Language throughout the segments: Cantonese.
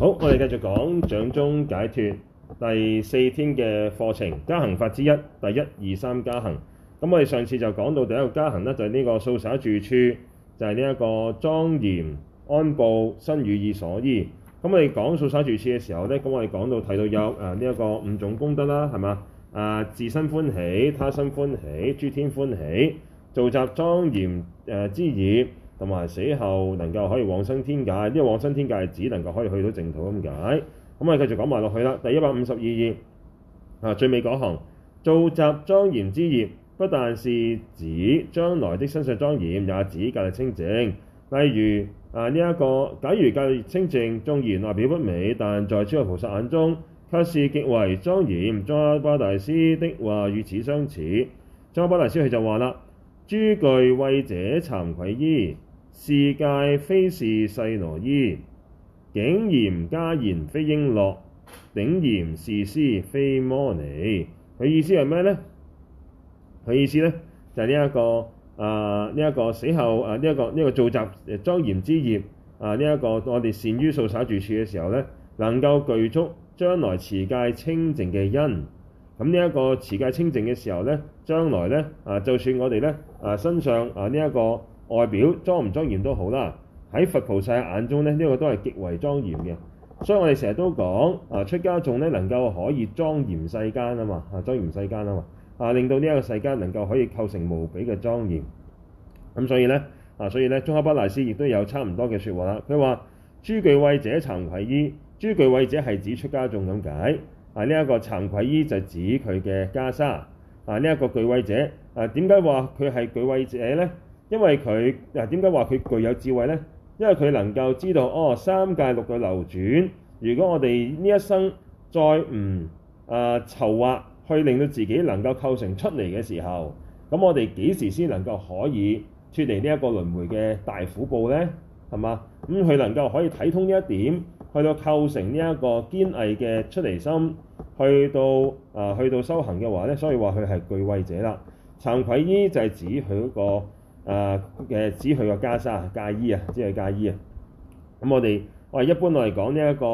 好，我哋繼續講掌中解脱第四天嘅課程，家行加行法之一，第一二三加行。咁我哋上次就講到第一個加行咧，就係、是、呢個灑掃住處，就係呢一個莊嚴安布身語意所依。咁我哋講灑掃住處嘅時候咧，咁我哋講到睇到有誒呢一個五種功德啦，係嘛？誒、啊、自身歡喜，他身歡喜，諸天歡喜，造集莊嚴誒之業。同埋死後能夠可以往生天界。呢、這、啲、個、往生天界只能夠可以去到淨土咁解。咁、嗯、啊，繼續講埋落去啦。第一百五十二頁啊，最尾嗰行造集莊嚴之業，不但是指將來的身上莊嚴，也指戒律清淨。例如啊，呢、這、一個假如戒律清淨，縱然外表不美，但在諸佛菩薩眼中卻是極為莊嚴。宗喀巴大師的話與此相似。宗喀巴大師佢就話啦：諸具慧者，慚愧衣。是戒非是細羅衣，頸嚴嘉言非瓔珞，頂嚴是師非摩尼。佢意思係咩呢？佢意思呢就係呢一個啊，呢、呃、一、這個死後啊，呢、呃、一、這個呢、這個造集莊嚴、呃、之業啊，呢、呃、一、這個我哋善於掃灑住處嘅時候呢，能夠具足將來持戒清淨嘅因。咁呢一個持戒清淨嘅時候呢，將來呢，啊、呃，就算我哋呢啊、呃、身上啊呢一個。外表莊唔莊嚴都好啦，喺佛菩薩眼中咧，呢、這個都係極為莊嚴嘅。所以我哋成日都講啊，出家眾咧能夠可以莊嚴世間啊嘛，啊莊嚴世間啊嘛，啊令到呢一個世間能夠可以構成無比嘅莊嚴。咁、嗯、所以咧啊，所以咧，宗喀巴大師亦都有差唔多嘅説話。佢話：諸具慧者慚愧衣，諸具慧者係指出家眾咁解。啊，呢、這、一個慚愧衣就指佢嘅袈裟。啊，呢、這、一個具慧者，啊點解話佢係具慧者咧？因為佢嗱點解話佢具有智慧呢？因為佢能夠知道哦，三界六道流轉。如果我哋呢一生再唔誒籌劃，去令到自己能夠構成出嚟嘅時候，咁我哋幾時先能夠可以脱離呢一個輪迴嘅大苦報呢？係嘛？咁佢能夠可以睇通呢一點，去到構成呢一個堅毅嘅出離心，去到誒、呃、去到修行嘅話呢？所以話佢係具慧者啦。慚愧衣就係指佢嗰個。誒嘅、啊、指佢個袈裟啊、戒衣啊，指佢戒衣啊。咁我哋，我係一般我哋講呢一個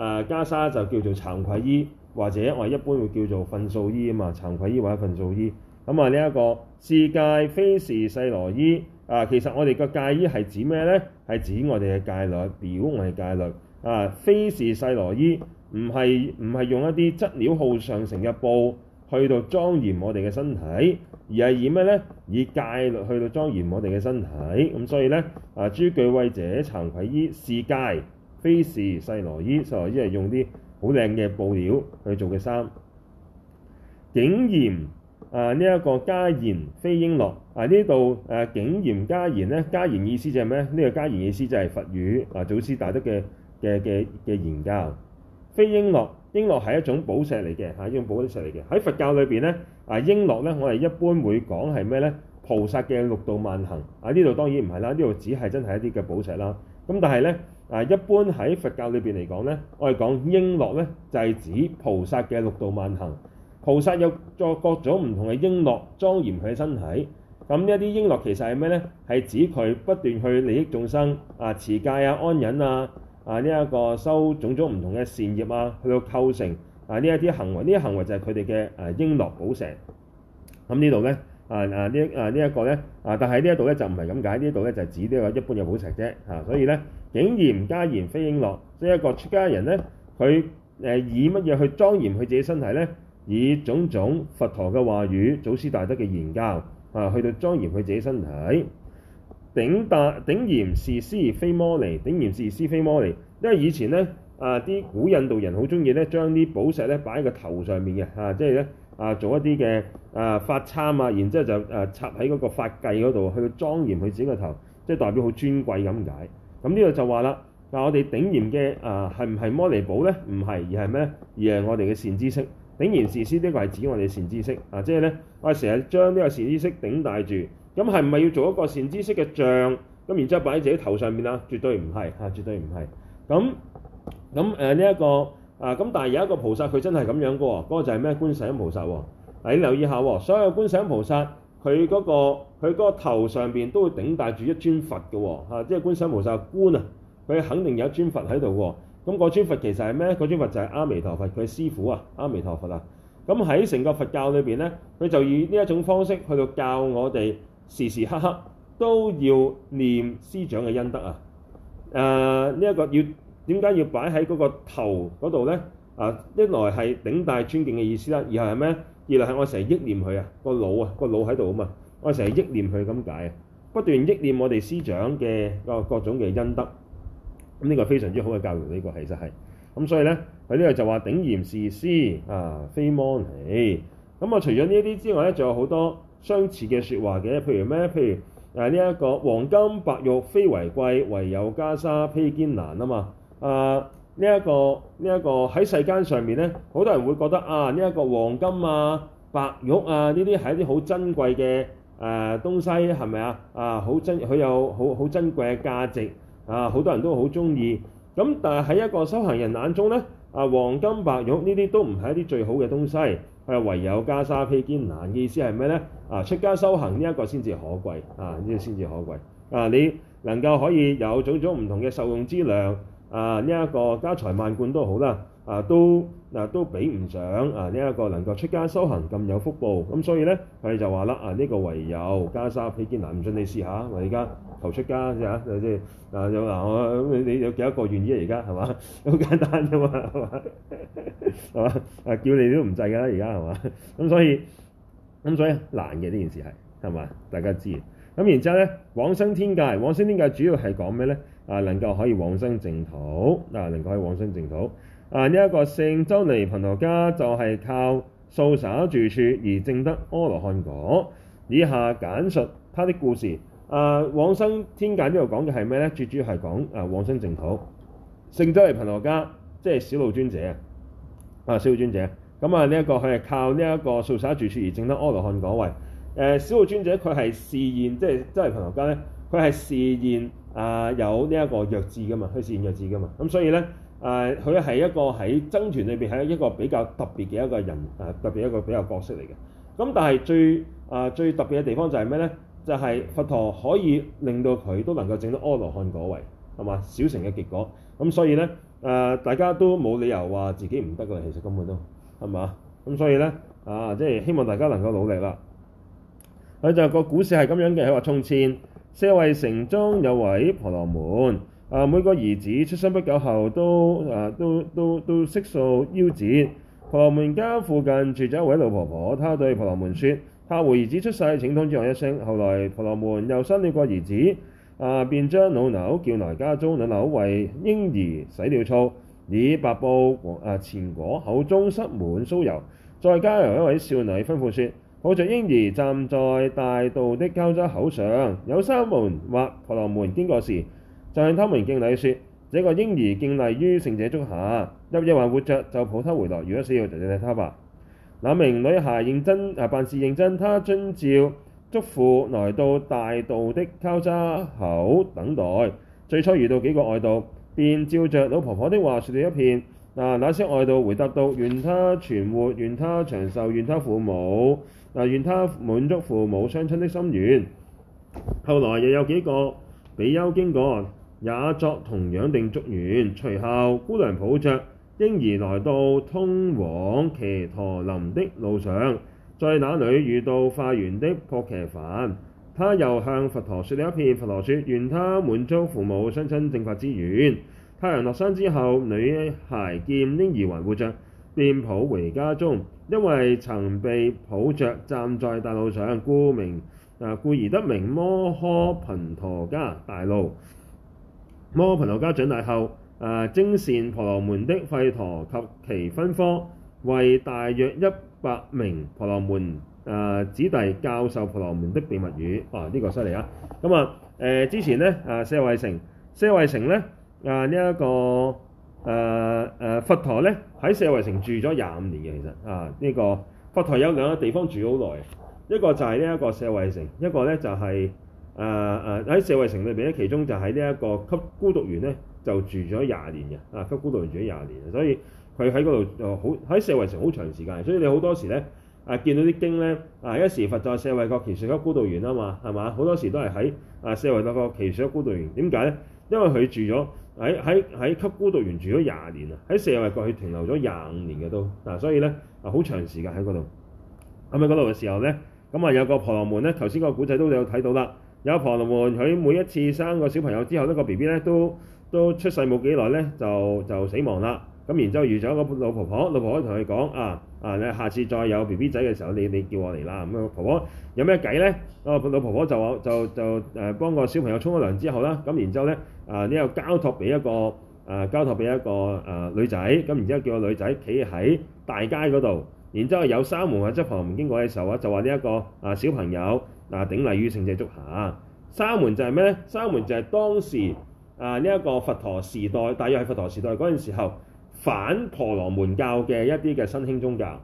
誒袈裟就叫做慚愧衣，或者我係一般會叫做糞掃衣啊嘛。慚愧衣或者糞掃衣，咁、嗯、啊呢一、這個是戒非是細羅衣啊。其實我哋個戒衣係指咩咧？係指我哋嘅戒律，表我哋戒律啊。非是細羅衣，唔係唔係，用一啲質料好上乘嘅布去到莊嚴我哋嘅身體，而係以咩咧？以戒律去到莊嚴我哋嘅身體，咁所以咧啊，諸具慧者，慚愧衣、是戒，非是細羅衣，細羅衣係用啲好靚嘅布料去做嘅衫。頸嚴啊，呢、這、一個嘉言非瓔珞啊，啊然呢度誒頸嚴嘉言咧，嘉言意思就係咩？呢、這個嘉言意思就係佛語啊，祖師大德嘅嘅嘅嘅言教，非瓔珞。瓔珞係一種寶石嚟嘅，嚇，一種寶石嚟嘅。喺佛教裏邊咧，啊，瓔珞咧，我哋一般會講係咩咧？菩薩嘅六度萬行，啊，呢度當然唔係啦，呢度只係真係一啲嘅寶石啦。咁但係咧，啊，一般喺佛教裏邊嚟講咧，我哋講瓔珞咧，就係、是、指菩薩嘅六度萬行。菩薩有作各種唔同嘅瓔珞莊嚴佢身體。咁呢一啲瓔珞其實係咩咧？係指佢不斷去利益眾生啊，持戒啊，安忍啊。啊！呢、這、一個收種種唔同嘅善業啊，去到構成啊呢一啲行為，呢啲行為就係佢哋嘅誒瓔珞寶石。咁呢度咧，啊啊呢啊呢一個咧，啊，啊，、這個、呢啊但係呢一度咧就唔係咁解，呢一度咧就指呢個一般嘅寶石啫。啊，所以咧，頸嚴嘉言非瓔珞，即係一個出家人咧，佢誒、呃、以乜嘢去莊嚴佢自己身體咧？以種種佛陀嘅話語、祖師大德嘅言教啊，去到莊嚴佢自己身體。頂戴頂嚴是師非摩尼，頂嚴是師非摩尼，因為以前咧啊啲古印度人好中意咧將啲寶石咧擺喺個頭上面嘅嚇，即係咧啊做一啲嘅啊髮簪啊，參然之後就啊插喺嗰個髮髻嗰度去莊嚴，去整個頭，即係代表好尊貴咁解。咁呢度就話啦，但我哋頂嚴嘅啊係唔係摩尼寶咧？唔係，而係咩？而係我哋嘅善知識。頂嚴是師呢個係指我哋嘅善知識啊，即係咧我哋成日將呢個善知識頂戴住。咁係唔係要做一個善知識嘅像，咁然之後擺喺自己頭上面啦，絕對唔係，嚇，絕對唔係。咁咁誒呢一個啊，咁但係有一個菩薩佢真係咁樣嘅喎、哦，嗰、那個就係咩觀世菩薩喎？嗱，你留意下喎、哦，所有觀世音菩薩佢嗰個佢嗰個頭上邊都會頂戴住一尊佛嘅喎、哦，即、啊、係、這個、觀世音菩薩官啊，佢肯定有一尊佛喺度喎。咁、那個尊佛其實係咩？那個尊佛就係阿彌陀佛佢師傅啊，阿彌陀佛啊。咁喺成個佛教裏邊咧，佢就以呢一種方式去到教我哋。時時刻刻都要念師長嘅恩德啊！誒，呢一個要點解要擺喺嗰個頭嗰度咧？啊，一來係頂戴尊敬嘅意思啦，二來係咩？二來係我成日憶念佢啊，個腦啊，個腦喺度吖嘛，我成日憶念佢咁解啊，不斷憶念我哋師長嘅各種嘅恩德，咁呢個非常之好嘅教育，呢個其實係咁，所以咧，喺呢度就話頂嚴是師，非摩尼。咁啊，除咗呢啲之外咧，仲有好多。相似嘅説話嘅，譬如咩？譬如誒，呢一個黃金白玉非為貴，唯有袈裟披肩難啊嘛！啊，呢一個呢一個喺世間上面咧，好多人會覺得啊，呢一個黃金啊、白玉啊呢啲係一啲好珍貴嘅誒東西，係咪啊？啊好珍佢有好好珍貴嘅價值啊！好多人都好中意。咁但係喺一個修行人眼中咧，啊黃金白玉呢啲都唔係一啲最好嘅東西，係、啊、唯有袈裟披肩難嘅意思係咩咧？啊！出家修行呢一個先至可貴，啊呢個先至可貴。啊，你能夠可以有種種唔同嘅受用之量，啊呢一個家財萬貫都好啦，啊都嗱、啊、都比唔上啊呢一個能夠出家修行咁有福報。咁所以咧，佢哋就話啦：啊呢個唯有袈裟披肩難，唔准你試下。我而家求出家，即係即係嗱有嗱我你有幾多個願意啊？而家係嘛，好 簡單啫嘛，係嘛，係嘛，叫你都唔制㗎啦。而家係嘛，咁 所以。咁所以難嘅呢件事係係嘛？大家知。咁然之後咧，往生天界，往生天界主要係講咩咧？啊，能夠可以往生淨土，啊，能夠可以往生淨土。啊，呢一個聖周利槃陀迦就係靠掃灑住處而證得阿羅漢果。以下簡述他的故事。啊，往生天界講呢度講嘅係咩咧？最主要係講啊，往生淨土。聖周利槃陀迦，即係小路尊者啊，小路尊者。咁啊！呢一、嗯這個佢係靠呢一個掃灑住處而整得阿羅漢果位。誒、呃，小路尊者佢係示現，即係即係朋友加咧，佢係示現啊有呢一個弱智噶嘛，佢示現弱智噶嘛。咁、嗯、所以咧，誒佢係一個喺僧團裏邊係一個比較特別嘅一個人，誒、呃、特別一個比較個角色嚟嘅。咁、嗯、但係最誒、呃、最特別嘅地方就係咩咧？就係、是、佛陀可以令到佢都能夠整得阿羅漢果位，係嘛？小乘嘅結果。咁、嗯、所以咧，誒、呃、大家都冇理由話自己唔得噶喇，其實根本都。係嘛？咁、嗯、所以咧，啊，即係希望大家能夠努力啦。佢、啊、就個故事係咁樣嘅，佢話從前，捨衛城中有位婆羅門，啊每個兒子出生不久後都啊都都都悉數夭折。婆羅門家附近住咗一位老婆婆，她對婆羅門說：「下回兒子出世，請通知我一聲。後來婆羅門又生了個兒子，啊便將老嫗叫來家中，老嫗為嬰兒洗了澡。以白布和啊前果口中塞滿酥油，再交由一位少女吩咐說：抱着嬰兒站在大道的交叉口上，有沙門或婆羅門經過時，就向他們敬禮，說：這個嬰兒敬禮於聖者足下，入夜還活着，就抱他回來；如果死了，就葬他吧。那名女孩認真，啊辦事認真，她遵照囑咐來到大道的交叉口等待。最初遇到幾個外道，便照着老婆婆的話說了一遍。嗱，那些外道回答道：願他存活，願他長壽，願他父母，嗱，願他滿足父母雙親的心願。後來又有幾個比丘經過，也作同樣定祝願。隨後，姑娘抱着嬰兒來到通往祗陀林的路上，在那裏遇到化緣的薄伽梵，他又向佛陀說了一遍。佛陀說：願他滿足父母雙親正法之願。太陽落山之後，女孩見嬰兒還活着，便抱回家中。因為曾被抱着站在大路上，故名啊，故而得名摩訶槃陀迦大路。摩訶槃陀迦長大後，啊，精善婆羅門的吠陀及其分科，為大約一百名婆羅門啊，子弟教授婆羅門的秘密語。啊，呢、這個犀利啊！咁、嗯、啊，誒、呃、之前咧啊，舍衛城，舍衛城咧。啊！呢、這、一個誒誒、啊啊、佛陀咧，喺舍衛城住咗廿五年嘅，其實啊呢、這個佛陀有兩個地方住好耐，一個就係呢一個舍衛城，一個咧就係誒誒喺舍衛城裏邊咧，其中就喺呢一個給孤獨園咧就住咗廿年嘅，啊給孤獨園住咗廿年，所以佢喺嗰度就好喺舍衛城好長時間，所以你好多時咧啊見到啲經咧啊，一時佛在舍衛國祇樹給孤獨園啊嘛，係嘛？好多時都係喺啊舍衛國祇樹給孤獨園，點解咧？因為佢住咗。喺給孤獨園住咗廿年啊，喺舍衛國去停留咗廿五年嘅都、啊，所以咧啊好長時間喺嗰度，喺咪嗰度嘅時候呢，咁啊有個婆羅門呢。頭先個古仔都有睇到啦，有個婆羅門佢每一次生個小朋友之後咧，那個 B B 呢都都出世冇幾耐咧就就死亡啦。咁然之後遇咗一個老婆婆，老婆婆同佢講：啊啊，你下次再有 B B 仔嘅時候，你你叫我嚟啦。咁樣婆婆有咩計咧？啊，老婆婆就講就就誒，幫個小朋友沖咗涼之後啦。咁然之後咧啊，呢、這個交託俾一個誒、啊，交託俾一個誒、啊、女仔。咁然之後叫個女仔企喺大街嗰度。然之後有沙門喺側、啊、旁經過嘅時候、這個、啊，就話呢一個啊小朋友嗱頂禮於聖者足下。沙門就係咩咧？沙門就係當時啊呢一、這個佛陀時代，大約係佛陀時代嗰陣時候。反婆羅門教嘅一啲嘅新興宗教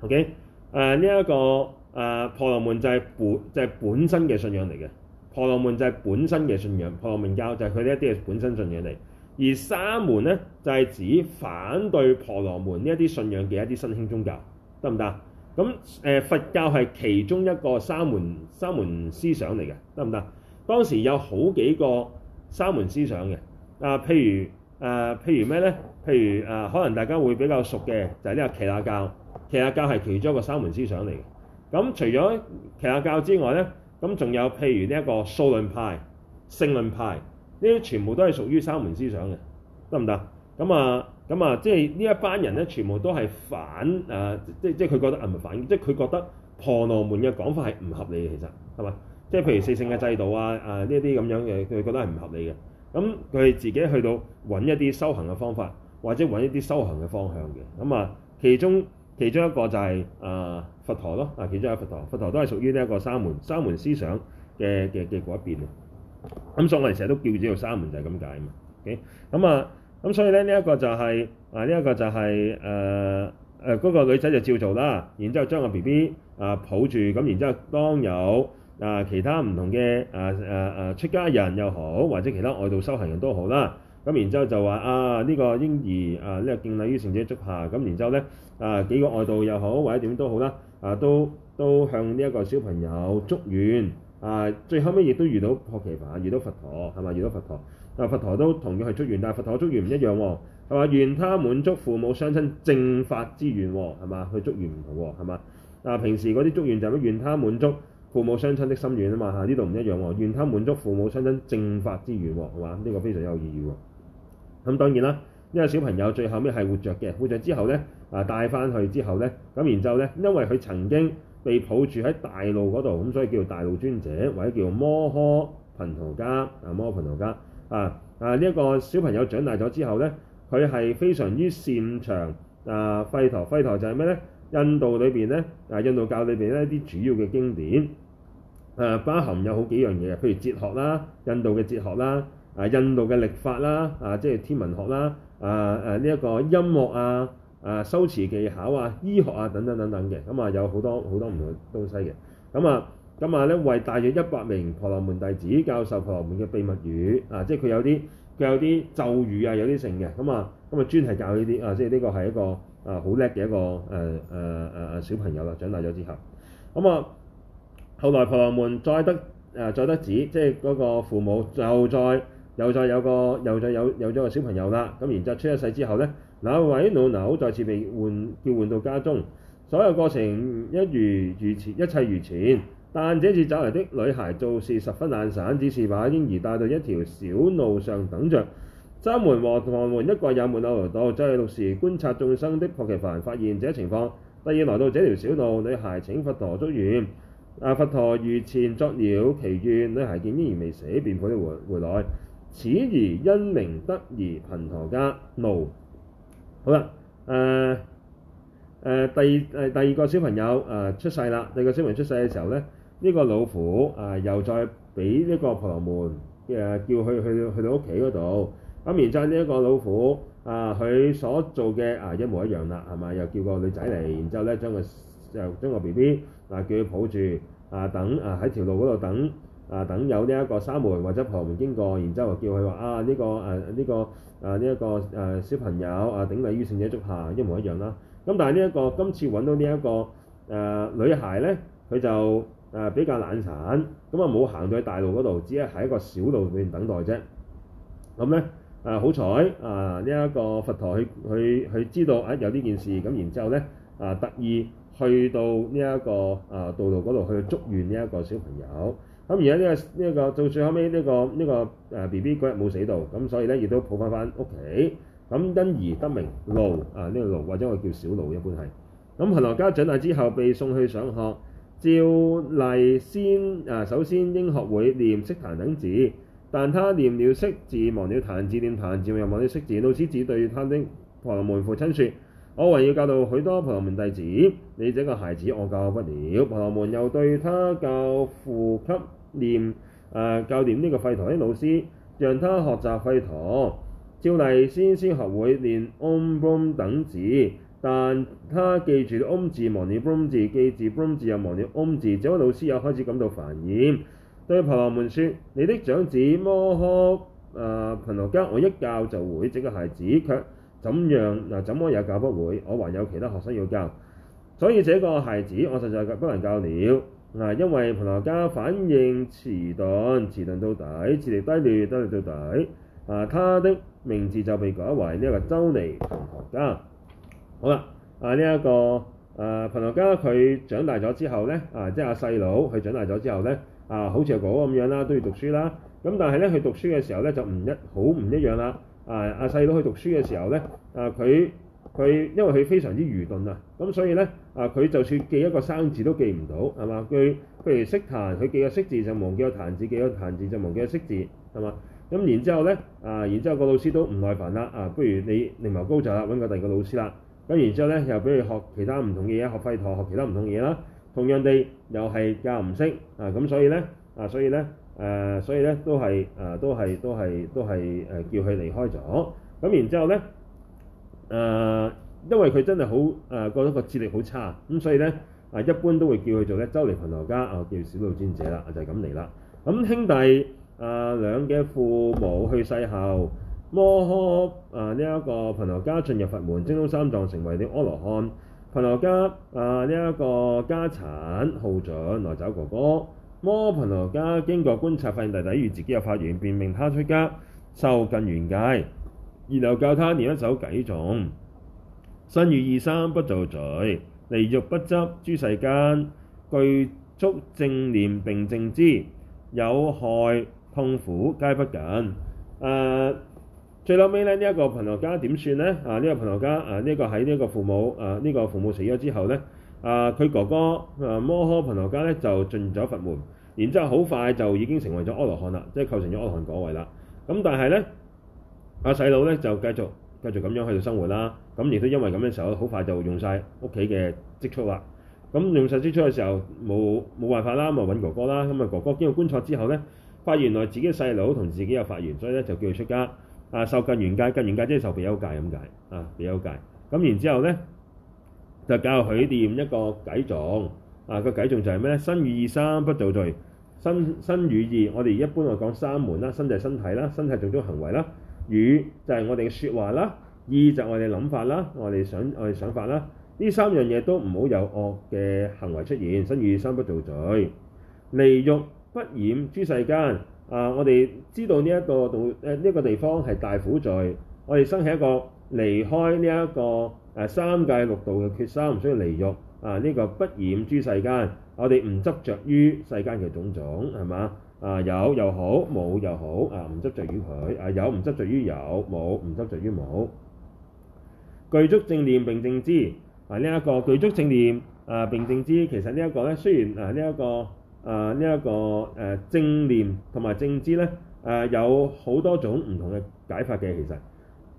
，OK？誒呢一個誒婆羅門就係本就係本身嘅信仰嚟嘅，婆羅門就係本身嘅信仰，婆羅門教就係佢呢一啲嘅本身信仰嚟。而沙門咧就係指反對婆羅門呢一啲信仰嘅一啲新興宗教，得唔得？咁誒佛教係其中一個沙門沙門思想嚟嘅，得唔得？當時有好幾個沙門思想嘅，啊譬如。誒、呃，譬如咩咧？譬如誒、呃，可能大家會比較熟嘅就係、是、呢個耆那教。耆那教係其中一個三門思想嚟嘅。咁除咗耆那教之外咧，咁仲有譬如呢一個數論派、聖論派，呢啲全部都係屬於三門思想嘅，得唔得？咁啊，咁啊，即係呢一班人咧，全部都係反誒、呃，即係即係佢覺得唔係反，即係佢覺得婆羅門嘅講法係唔合理嘅，其實係嘛？即係譬如四姓嘅制度啊，誒呢一啲咁樣嘅，佢覺得係唔合理嘅。咁佢自己去到揾一啲修行嘅方法，或者揾一啲修行嘅方向嘅。咁啊，其中其中一個就係、是、誒、呃、佛陀咯，啊其中有佛陀，佛陀都係屬於呢一個沙門沙門思想嘅嘅嘅一邊啊。咁、嗯、所以我哋成日都叫住做沙門就係咁解嘛。咁、嗯嗯嗯就是、啊，咁所以咧呢一個就係啊呢一個就係誒誒嗰個女仔就照做啦，然之後將個 B B 啊抱住，咁然之後當有。啊！其他唔同嘅啊啊啊出家人又好，或者其他外道修行人都好啦。咁然之後就話啊，呢、這個嬰兒啊，呢、這個敬禮於聖者足下。咁然之後咧啊，幾個外道又好，或者點都好啦啊，都都向呢一個小朋友祝願啊。最後尾亦都遇到薄伽梵，遇到佛陀係咪？遇到佛陀嗱，佛陀都同樣係祝願，但係佛陀祝願唔一樣喎。係嘛？願他滿足父母雙親正法之願係嘛？佢祝願唔同係嘛？嗱，平時嗰啲祝願就係咩？願他滿足。父母雙親的心願嘛啊嘛嚇呢度唔一樣、啊，願他滿足父母雙親正法之願、啊，係嘛呢個非常有意義、啊。咁當然啦，呢、這個小朋友最後屘係活著嘅，活著之後呢，啊帶翻去之後呢。咁然之後呢，因為佢曾經被抱住喺大路嗰度，咁所以叫大路尊者或者叫摩訶槃陀迦啊摩訶槃陀迦啊啊呢一個小朋友長大咗之後呢，佢係非常之擅長啊吠陀吠陀就係咩呢？印度裏邊咧，啊，印度教裏邊咧一啲主要嘅經典，啊、呃，包含有好幾樣嘢譬如哲學啦，印度嘅哲學啦，啊，印度嘅曆法啦，啊，即係天文學啦，啊，啊呢一、這個音樂啊，啊，修辭技巧啊，醫學啊，等等等等嘅，咁、嗯、啊有好多好多唔同嘅東西嘅，咁、嗯、啊，咁啊咧為大約一百名婆羅門弟子教授婆羅門嘅秘密語，啊、嗯，即係佢有啲佢有啲咒語啊，有啲成嘅，咁啊咁啊專係教呢啲，啊，即係呢個係一個。啊，好叻嘅一個誒誒誒小朋友啦！長大咗之後，咁、嗯、啊，後來婆羅門再得誒、呃、再得子，即係嗰個父母就又再又再有個又再有又有咗個小朋友啦。咁然之後出一世之後咧，那位老嫗再次被換叫換到家中，所有過程一如一如前，一切如前，但這次走嚟的女孩做事十分懶散，只是把嬰兒帶到一條小路上等着。三門和旁門一概也沒有來到。就係六時觀察眾生的菩提凡發現這情況，第二來到這條小路，女孩請佛陀祝願。阿、啊、佛陀如前作了祈願，女孩見依然未死，便可以回回來。此而因明得而貧陀家怒、no。好啦、啊，誒、啊、誒、啊，第誒、啊、第二個小朋友誒、啊、出世啦。第二個小朋友出世嘅時候咧，呢、這個老虎啊又再俾呢個旁門誒、啊、叫去去去，去到屋企嗰度。咁然之後呢一個老虎啊，佢所做嘅啊一模一樣啦，係咪？又叫個女仔嚟，然之後咧將個又將個 B B 嗱叫佢抱住啊，等啊喺條路嗰度等啊，等有呢一個沙門或者旁門經過，然之後又叫佢話啊呢、這個誒呢、啊這個啊呢一、這個誒、啊這個、小朋友啊頂禮於聖者足下，一模一樣啦。咁、嗯、但係呢一個今次揾到呢、這、一個誒、啊、女孩咧，佢就誒、啊、比較懶散，咁啊冇行到去大路嗰度，只係喺一個小路裏面等待啫。咁咧。誒好彩，誒呢一個佛陀去佢佢知道啊有呢件事，咁然之後咧，誒特意去到呢、這、一個誒、啊、道路嗰度去祝願呢一個小朋友。咁而家呢個呢、這個到最後尾呢個呢個誒 B B 嗰日冇死到，咁、啊、所以咧亦都抱翻翻屋企。咁、啊、因而得名路，誒、啊、呢、這個路或者我叫小路，一般係。咁槃陀迦長大之後被送去上學，照例先誒、啊、首先應學會念「悉檀等字。但他念了悉字，忘了檀字；念檀字，又忘了悉字。老師只對他的婆羅門父親說：我還要教導許多婆羅門弟子，你這個孩子我教我不了。婆羅門又對他教父給念誒、呃、教念呢個吠陀的老師，讓他學習吠陀，照例先先學會念 om、brum、等字，但他記住了 om 字，忘了 brum 字；記住 brum 字，又忘了 om 字。這位老師又開始感到煩厭。對婆羅門說：你的長子摩訶啊，槃陀迦，我一教就會。這個孩子卻怎樣嗱？怎麼也教不會。我還有其他學生要教，所以這個孩子我實在不能教了。嗱、啊，因為槃陀迦反應遲鈍，遲鈍到底，智力低劣，低劣到底。啊，他的名字就被改為呢一個周利槃陀迦。好啦、啊，啊呢一、這個啊槃陀迦，佢長大咗之後呢，啊即係阿細佬，佢長大咗之後呢。啊、呃，好似阿哥哥咁樣啦，都要讀書啦。咁但係咧，佢讀書嘅時候咧，就唔一好唔一樣啦。啊，阿細佬去讀書嘅時候咧，啊佢佢因為佢非常之愚鈍啊，咁所以咧啊佢就算記一個生字都記唔到，係嘛？佢譬如悉檀，佢記個悉字就忘記個檀字，記個檀字就忘記個悉字，係嘛？咁、嗯、然之後咧啊，然之後個老師都唔耐煩啦。啊，不如你謀另謀高就啦，揾個第二個老師啦。咁然之後咧，又畀佢學其他唔同嘅嘢，學吠陀，學其他唔同嘢啦。同樣地，又係教唔識啊，咁所以咧啊，所以咧誒、啊，所以咧、啊、都係啊，都係都係都係誒，叫佢離開咗。咁、啊、然之後咧誒、啊，因為佢真係好誒，覺得個智力好差，咁、啊、所以咧啊，一般都會叫佢做一周利槃陀迦啊，叫小路尊者啦、啊，就係咁嚟啦。咁、啊、兄弟啊兩嘅父母去世後，摩訶啊呢一、這個槃陀迦進入佛門，精通三藏，成為咗阿羅漢。槃陀迦啊，呢、呃、一、這個家產耗盡，來找哥哥。摩訶槃陀迦經過觀察，發現弟弟與自己有法緣，便命他出家，受近圓戒，然後教他念一首偈頌，身語意三不造罪，離欲不執，諸世間具足正念並正知，有害痛苦皆不近。誒、呃。最後尾咧，呢、這、一個槃陀迦點算咧？啊，呢、這個槃陀迦，啊，呢個喺呢個父母啊，呢、這個父母死咗之後咧，啊佢哥哥啊摩訶槃陀迦咧就進咗佛門，然之後好快就已經成為咗阿羅漢啦，即係構成咗阿羅漢果位啦。咁但係咧，阿細佬咧就繼續繼續咁樣喺度生活啦。咁亦都因為咁嘅時候，好快就用晒屋企嘅積蓄啦。咁用晒積蓄嘅時候，冇冇辦法啦，咪揾哥哥啦。咁啊哥哥經過觀察之後咧，發現原來自己細佬同自己有法緣，所以咧就叫佢出家。啊，受近圓戒，近圓戒即係受比丘戒咁解。啊，比丘戒，咁、啊、然之後咧，就教佢念一個偈狀。啊，個偈狀就係咩咧？身語意三不造罪。身身語意，我哋一般我講三門啦，身就係身體啦，身體做咗行為啦。語就係我哋嘅説話啦。意就係我哋諗法啦，我哋想我哋想法啦。呢三樣嘢都唔好有惡嘅行為出現。身語意三不造罪，離欲不染諸世間。.啊！我哋知道呢、這、一個道誒呢個地方係大苦罪，我哋生起一個離開呢、這、一個誒、啊、三界六道嘅決心，唔需要離欲啊！呢、這個不染諸世間，我哋唔執着於世間嘅種種係嘛？啊有又好，冇又好啊，唔執着於佢啊，有唔執着於有，冇唔執着於冇。具足正念並正知啊！呢、這、一個具足正念啊並正知，其實呢一個咧雖然啊呢一、這個。啊！呢一、呃這個誒、呃、正念同埋正知咧，誒、呃、有好多種唔同嘅解法嘅，其實，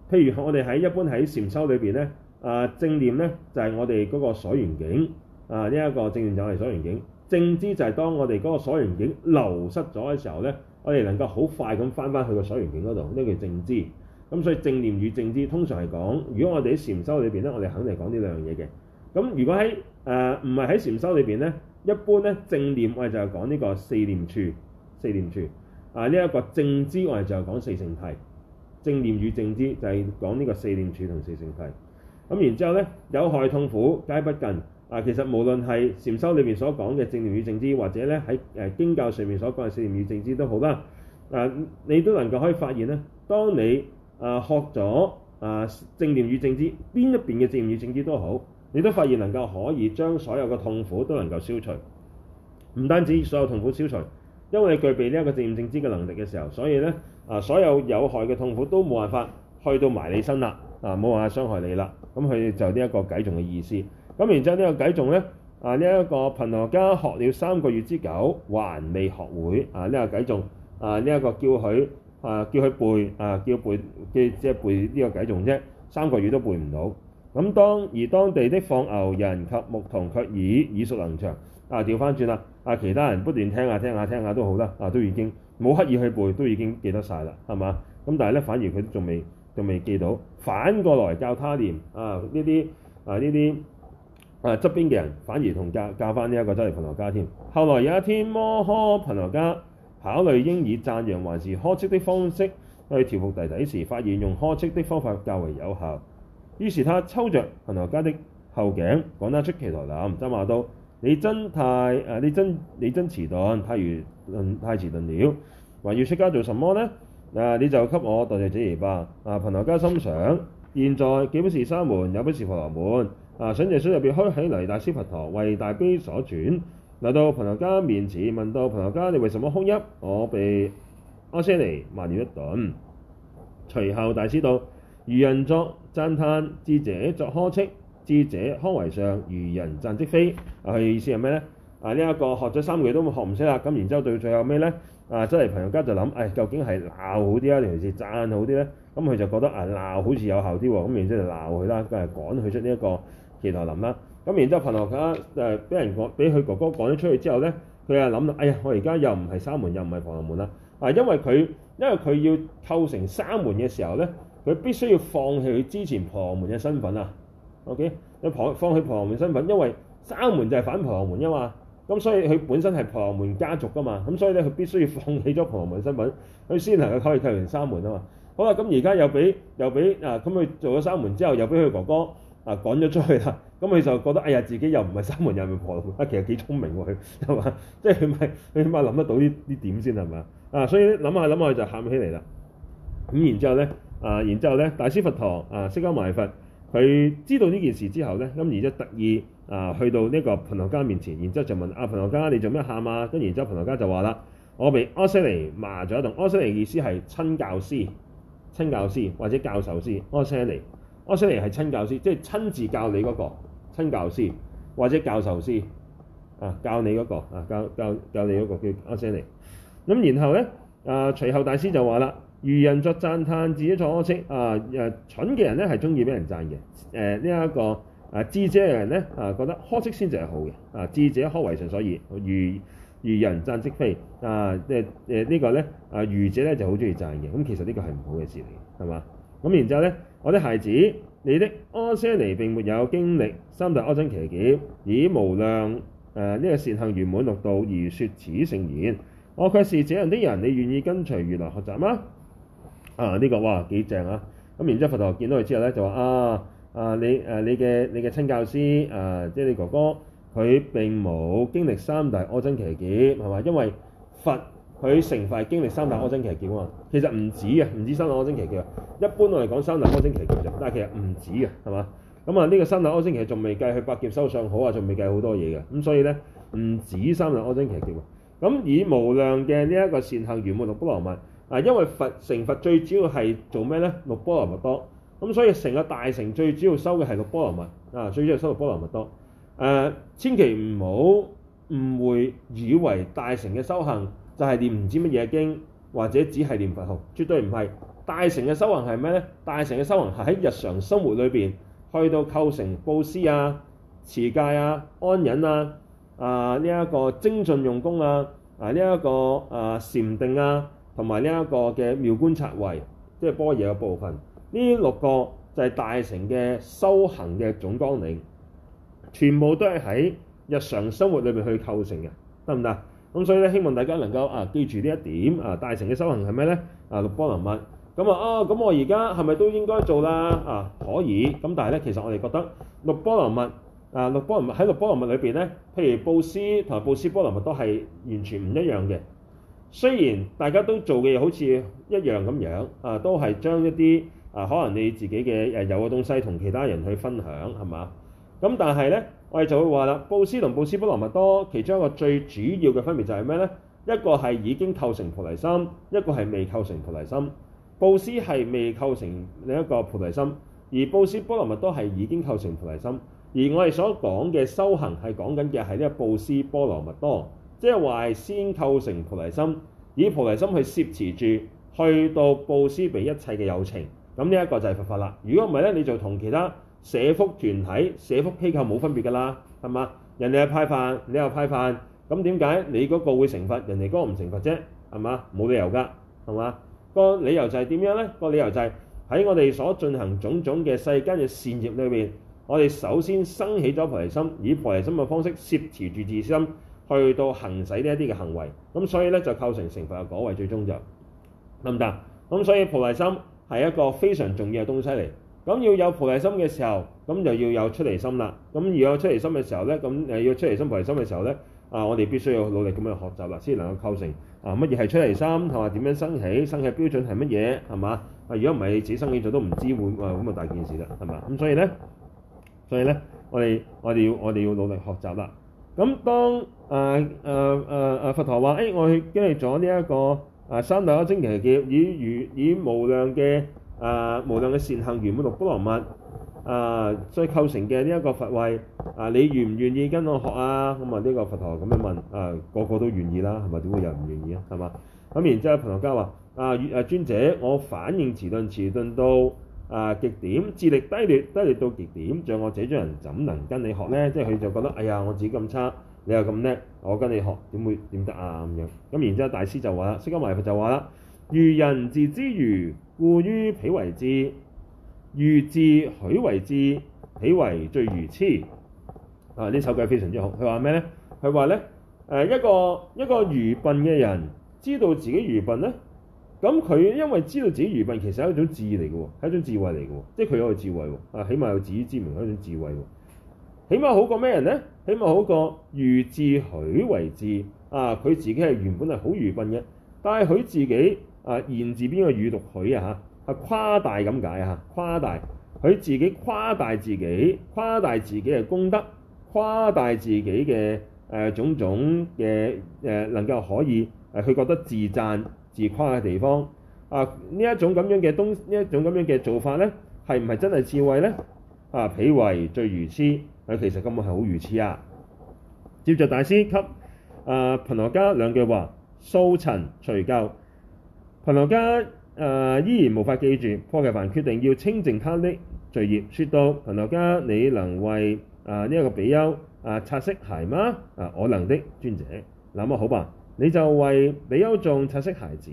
譬如我哋喺一般喺禪修裏邊咧，啊、呃、正念咧就係、是、我哋嗰個所緣境，啊呢一個正念就係所緣境，正知就係當我哋嗰個所緣境流失咗嘅時候咧，我哋能夠好快咁翻翻去個所緣境嗰度，呢、這、叫、個、正知。咁所以正念與正知通常係講，如果我哋喺禪修裏邊咧，我哋肯定講呢兩樣嘢嘅。咁如果喺誒唔係喺禪修裏邊咧？一般咧，正念我哋就係講呢個四念處，四念處啊，呢一、這個正知我哋就係講四聖諦，正念與正知就係講呢個四念處同四聖諦。咁、嗯、然之後咧，有害痛苦皆不近啊。其實無論係禪修裏面所講嘅正念與正知，或者咧喺誒經教上面所講嘅四念與正知都好啦。啊，你都能夠可以發現咧，當你啊學咗啊正念與正知，邊一邊嘅正念與正知都好。你都發現能夠可以將所有嘅痛苦都能夠消除，唔單止所有痛苦消除，因為你具備呢一個正正知嘅能力嘅時候，所以咧啊，所有有害嘅痛苦都冇辦法去到埋你身啦，啊冇辦法傷害你啦，咁、嗯、佢就呢一個偈頌嘅意思。咁、啊、然之後個解呢、啊呢個偈頌咧啊呢一個槃陀迦學了三個月之久，還未學會啊呢、呢個偈頌啊呢一、呢個叫佢啊叫佢背啊叫背即即係背呢個偈頌啫，三個月都背唔到。咁當而當地的放牛人及牧童卻已耳熟能詳。啊，調翻轉啦！啊，其他人不斷聽下、啊、聽下、啊、聽下、啊、都好啦。啊，都已經冇刻意去背，都已經記得晒啦，係嘛？咁但係咧，反而佢仲未仲未記到。反過來教他念啊！呢啲啊呢啲啊側邊嘅人反而同教，教教翻呢一個周訶朋友家添。後來有一天，摩訶槃陀迦考慮應以讚揚還是呵斥的方式去調伏弟弟時，發現用呵斥的方法較為有效。於是他抽着槃陀迦的後頸，將其趕出祗陀林，就罵道：你真太啊！你真你真遲鈍，太如論太遲鈍了。還要出家做什麼呢？啊！你就給我待在這兒吧。啊！槃陀迦心想：現在既不是沙門，也不是婆羅門。啊！想著水入別開起嚟，大師佛陀為大悲所轉，來到槃陀迦面前，問到槃陀迦：「你為什麼哭泣？我被阿闍黎罵了一頓。隨後大師道：愚人作。讚歎智者作呵斥，智者呵為上，愚人讚則非。啊，佢意思係咩咧？啊，呢、這、一個學咗三個月都學唔識啦。咁然之後到最後咩咧，啊，真係、啊、槃陀迦就諗，誒、哎，究竟係鬧好啲啊，定還是讚好啲咧？咁佢就覺得啊，鬧好似有效啲喎。咁、啊、然之後就鬧佢啦，梗啊趕佢出呢一個祗陀林啦。咁然之後槃陀迦誒俾人講，俾佢哥哥趕咗出去之後咧，佢啊諗啦，哎呀，我而家又唔係沙門，又唔係婆羅門啦。啊，因為佢因為佢要構成沙門嘅時候咧。佢必須要放棄佢之前婆羅門嘅身份啊。OK，佢婆放棄婆羅門身份，因為沙門就係反婆羅門啊嘛。咁所以佢本身係婆羅門家族噶嘛，咁所以咧佢必須要放棄咗婆羅門身份，佢先能夠可以跳完沙門啊嘛。好啦，咁而家又俾又俾嗱，咁、啊、佢做咗沙門之後，又俾佢哥哥啊趕咗出去啦。咁佢就覺得，哎呀，自己又唔係沙門，又唔係婆羅門啊，其實幾聰明喎，佢係嘛？即係佢咪佢起碼諗得到呢啲點先係咪啊？啊，所以諗下諗下就喊起嚟啦。咁然之後咧。啊，然之後咧，大師佛陀啊，釋迦牟尼佛，佢知道呢件事之後咧，咁而家特意啊，去到呢個槃陀迦面前，然之後就問阿、啊、槃陀迦：你做咩喊啊？跟住槃陀迦就話啦：我被阿闍黎罵咗一頓。阿闍黎意思係親教師、親教師或者教授師。阿闍黎，阿闍黎係親教師，即係親自教你嗰、那個親教師或者教授師啊，教你嗰、那個啊，教教教你嗰、那個叫阿闍黎。咁、啊、然後咧，啊，隨後大師就話啦。愚人作讚歎，自己坐呵斥啊！誒，蠢嘅人咧係鍾意俾人讚嘅。誒呢一個啊，智者嘅人咧啊，覺得呵斥先至係好嘅啊。智者呵為上所言，愚愚人讚即非啊！誒、呃、誒、呃這個、呢個咧啊，愚者咧就好鍾意讚嘅。咁其實呢個係唔好嘅事嚟，係嘛？咁然之後咧，我的孩子，你的阿闍黎並沒有經歷三大阿僧祇劫，以無量誒呢、呃這個善行圓滿六度而説此聖言。我卻是這樣的人，你願意跟隨如來學習嗎？啊！呢、這個哇幾正啊！咁然之後佛陀見到佢之後咧，就話啊啊，你誒你嘅你嘅親教師誒、啊、即係你哥哥，佢並冇經歷三大阿僧祇劫係嘛？因為佛佢成佛係經歷三大阿僧祇劫啊。其實唔止啊，唔止三大阿僧祇劫。一般我哋講三大阿僧祇劫啫，但係其實唔止啊，係嘛？咁啊呢個三大阿僧祇劫仲未計佢百劫修相好啊，仲未計好多嘢嘅。咁所以咧唔止三大阿僧祇劫。咁以無量嘅呢一個善行、圓滿六波羅蜜。啊，因為佛成佛最主要係做咩咧？六波羅蜜多，咁所以成個大乘最主要修嘅係六波羅蜜。啊，最主要係修六波羅蜜多。誒、啊，千祈唔好誤會以為大乘嘅修行就係念唔知乜嘢經，或者只係念佛號，絕對唔係。大乘嘅修行係咩咧？大乘嘅修行喺日常生活裏邊，去到構成布施啊、持戒啊、安忍啊、啊呢一、這個精進用功啊、啊呢一、這個啊禪定啊。同埋呢一個嘅妙觀察位，即係般若嘅部分，呢六個就係大乘嘅修行嘅總綱領，全部都係喺日常生活裏面去構成嘅，得唔得？咁所以咧，希望大家能夠啊記住呢一點啊，大乘嘅修行係咩咧？啊，六波羅蜜。咁啊，哦，咁我而家係咪都應該做啦？啊，可以。咁但係咧，其實我哋覺得六波羅蜜啊，六波羅蜜喺六波羅蜜裏邊咧，譬如布施同埋布施波羅蜜都係完全唔一樣嘅。雖然大家都做嘅嘢好似一樣咁樣，啊，都係將一啲啊可能你自己嘅誒、啊、有嘅東西同其他人去分享，係嘛？咁但係咧，我哋就會話啦，布施同布施波羅蜜多其中一個最主要嘅分別就係咩咧？一個係已經構成菩提心，一個係未構成菩提心。布施係未構成另一個菩提心，而布施波羅蜜多係已經構成菩提心。而我哋所講嘅修行係講緊嘅係呢個布施波羅蜜多。即係話係先構成菩提心，以菩提心去攝持住去到布施俾一切嘅友情。咁呢一個就係佛法啦。如果唔係咧，你就同其他社福團體、社福機構冇分別㗎啦，係嘛？人哋係派飯，你又派飯，咁點解你嗰個會成罰，人哋嗰個唔成罰啫？係嘛？冇理由㗎，係嘛？個理由就係點樣咧？個理由就係喺我哋所進行種種嘅世間嘅善業裏面，我哋首先升起咗菩提心，以菩提心嘅方式攝持住自心。去到行使呢一啲嘅行為，咁所以咧就構成成佛嘅果位最終，最終就得唔得？咁所以菩提心係一個非常重要嘅東西嚟。咁要有菩提心嘅時候，咁就要有出離心啦。咁要有出離心嘅時候咧，咁誒要出離心菩提心嘅時候咧，啊我哋必須要努力咁樣學習啦，先能夠構成啊乜嘢係出離心同埋點樣生起、生起標準係乜嘢，係嘛？啊如果唔係你自己生起咗都唔知會啊咁啊大件事啦，係嘛？咁所以咧，所以咧我哋我哋要我哋要，要努力學習啦。咁當誒誒誒誒佛陀話：誒、欸，我經歷咗呢一個誒、啊、三大阿僧祇嘅劫，以如以無量嘅誒、啊、無量嘅善行圓滿六波羅蜜、啊、所以構成嘅呢一個佛慧，啊，你願唔願意跟我學啊？咁啊，呢個佛陀咁樣問，啊，個個都願意啦，係咪？點會有人唔願意啊？係嘛？咁然之後槃陀迦話：啊，誒尊者，我反應遲鈍遲鈍到。啊！極點，智力低劣，低劣到極點，像我這種人怎能跟你學呢？即係佢就覺得，哎呀，我自己咁差，你又咁叻，我跟你學點會點得啊？咁樣，咁然之後，大師就話啦，釋迦牟尼佛就話啦：愚人自知愚，故於彼為智；愚自詡為智，彼為最愚痴。啊！呢首偈非常之好。佢話咩咧？佢話呢，誒、呃、一個一個愚笨嘅人知道自己愚笨呢。」咁佢因為知道自己愚笨，其實係一種智嚟嘅喎，係一種智慧嚟嘅喎，即係佢有個智慧喎。啊，起碼有自知之明係一種智慧，起碼好過咩人呢？起碼好過愚自詡為智。啊，佢自己係原本係好愚笨嘅，但係佢自己啊，言字邊個詡讀許啊嚇？係誇大咁解啊，誇大佢自己誇大自己，誇大自己嘅功德，誇大自己嘅誒、呃、種種嘅誒、呃、能夠可以誒佢、呃、覺得自讚，自誇嘅地方，啊呢一種咁樣嘅東，呢一種咁樣嘅做法咧，係唔係真係智慧咧？啊，彼為最愚癡，啊其實根本係好愚癡啊！接著大師給啊槃陀迦兩句話，掃塵除垢。槃陀迦啊依然無法記住，薄伽梵決定要清淨他的罪孽。説到槃陀迦，你能為啊呢一、這個比丘啊擦色鞋嗎？啊，我能的，尊者。那麼好吧。你就為比丘眾擦鞋子、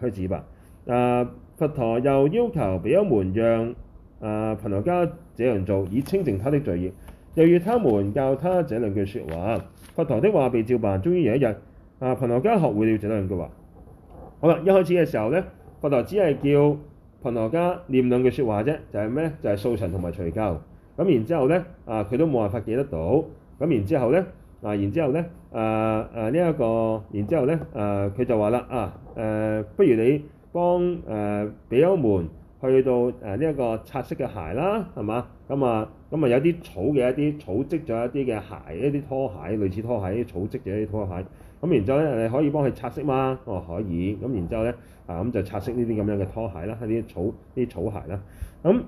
靴子吧。啊，佛陀又要求比丘們讓啊槃陀迦這樣做，以清淨他的罪孽。又要他們教他這兩句説話。佛陀的話被照辦，終於有一日啊，槃陀迦學會了這兩句話。好啦，一開始嘅時候咧，佛陀只係叫槃陀迦念兩句説話啫，就係、是、咩就係掃塵」同埋除垢」。咁然之後咧，啊佢都冇辦法記得到。咁然之後咧，啊然之後咧。啊誒誒呢一個，然之後咧，誒佢就話啦，啊誒、啊呃，不如你幫誒、啊、比丘們去到誒呢一個擦色嘅鞋啦，係嘛？咁啊，咁啊有啲草嘅一啲草織咗一啲嘅鞋，一啲拖鞋，類似拖鞋，啲草織咗、一啲拖鞋。咁然之後咧，你可以幫佢擦色嘛？哦，可以。咁然之後咧，啊咁就擦色呢啲咁樣嘅拖鞋啦，啲草啲草鞋啦。咁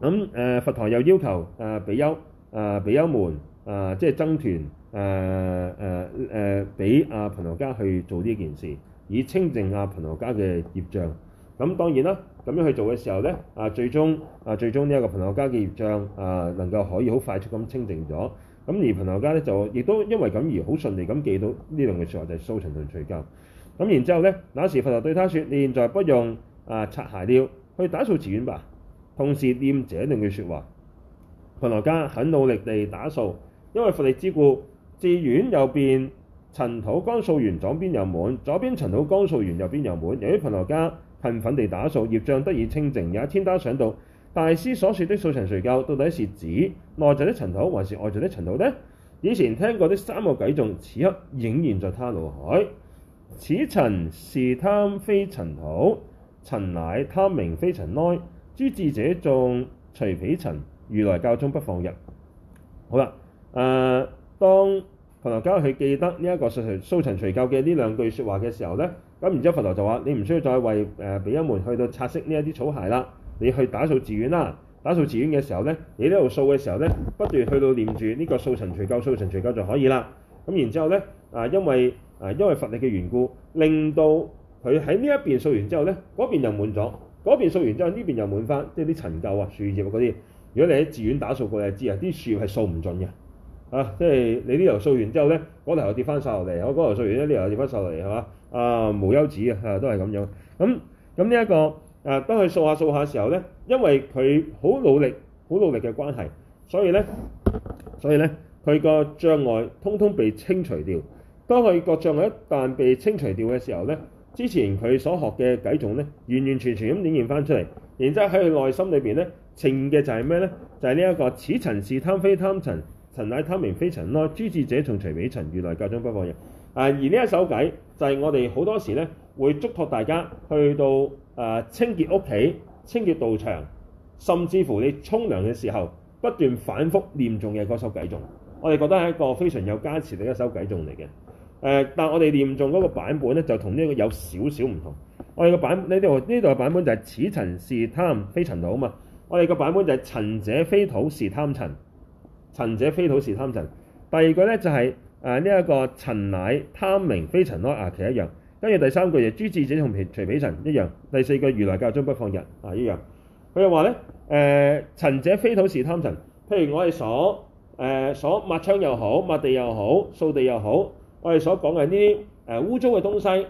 咁誒，佛陀又要求誒、呃、比丘誒、呃呃、比丘們誒即係僧團。啊就是誒誒誒，俾阿槃陀迦去做呢件事，以清淨阿槃陀迦嘅業障。咁、啊、當然啦，咁樣去做嘅時候咧，啊，最終啊，最終呢一個槃陀迦嘅業障啊，能夠可以好快速咁清淨咗。咁、啊、而槃陀迦咧就亦都因為咁而好順利咁記到呢兩句説話，就係掃塵同除垢。咁、啊、然之後咧，那時佛陀對他説：你現在不用啊擦鞋了，去打掃寺院吧。同時念這兩句説話。槃陀迦很努力地打掃，因為佛力之故。寺院右邊塵土剛掃完，左邊又滿；左邊塵土剛掃完，右邊又滿。由於槃陀迦勤奮地打掃，業障得以清淨，有一天他心想到，大師所說的掃塵除垢，到底是指內在的塵土，還是外在的塵土呢？以前聽過的三個偈頌，此刻映現在他腦海。此塵是貪非塵土，塵乃貪名非塵埃。諸智者眾除彼塵，如來教中不放逸。好啦、啊，誒、呃、當。佛陀教佢記得呢一個掃塵除垢嘅呢兩句說話嘅時候咧，咁然之後佛陀就話：你唔需要再為誒比丘們去到擦拭呢一啲草鞋啦，你去打掃寺院啦，打掃寺院嘅時候咧，你呢度掃嘅時候咧，不斷去到念住呢個掃塵除垢、掃塵除垢就可以啦。咁然之後咧，啊因為啊因為佛力嘅緣故，令到佢喺呢一邊掃完之後咧，嗰邊又滿咗，嗰邊掃完之後呢邊又滿翻，即係啲塵垢啊、樹葉嗰啲。如果你喺寺院打掃過，你就知啊，啲樹葉係掃唔盡嘅。啊！即係你呢頭掃完之後咧，嗰頭又跌翻晒落嚟。我嗰頭掃完咧，呢頭又跌翻晒落嚟，係嘛？啊，無休止啊，都係咁樣。咁咁呢一個啊，當佢掃下掃下嘅時候咧，因為佢好努力、好努力嘅關係，所以咧，所以咧，佢個障礙通通被清除掉。當佢個障礙一旦被清除掉嘅時候咧，之前佢所學嘅偈種咧，完完全全咁展現翻出嚟。然之後喺佢內心裏邊咧，呈現嘅就係咩咧？就係呢一個此塵是貪非貪塵。塵乃貪名非塵咯，諸智者從隨彼塵。如來教中不放人。啊，而呢一首偈就係、是、我哋好多時咧，會督促大家去到啊、呃，清潔屋企、清潔道場，甚至乎你沖涼嘅時候不斷反覆念誦嘅嗰首偈頌。我哋覺得係一個非常有加持嘅一首偈頌嚟嘅。誒，但係我哋念誦嗰個版本咧，就同呢個有少少唔同。我哋嘅版，呢度，呢度嘅版本就係、是、此塵是貪非塵土嘛。我哋嘅版本就係、是、塵者非土是貪塵。塵者非土，是貪塵。第二句咧就係誒呢一個塵乃貪名，非塵埃啊，其一樣。跟住第三句就諸智者同除彼塵一樣。第四句如來教中不放人啊一樣。佢又話咧誒，塵、呃、者非土，是貪塵。譬如我哋所誒、呃、所抹窗又好，抹地又好，掃地又好，我哋所講嘅呢啲誒污糟嘅東西，呢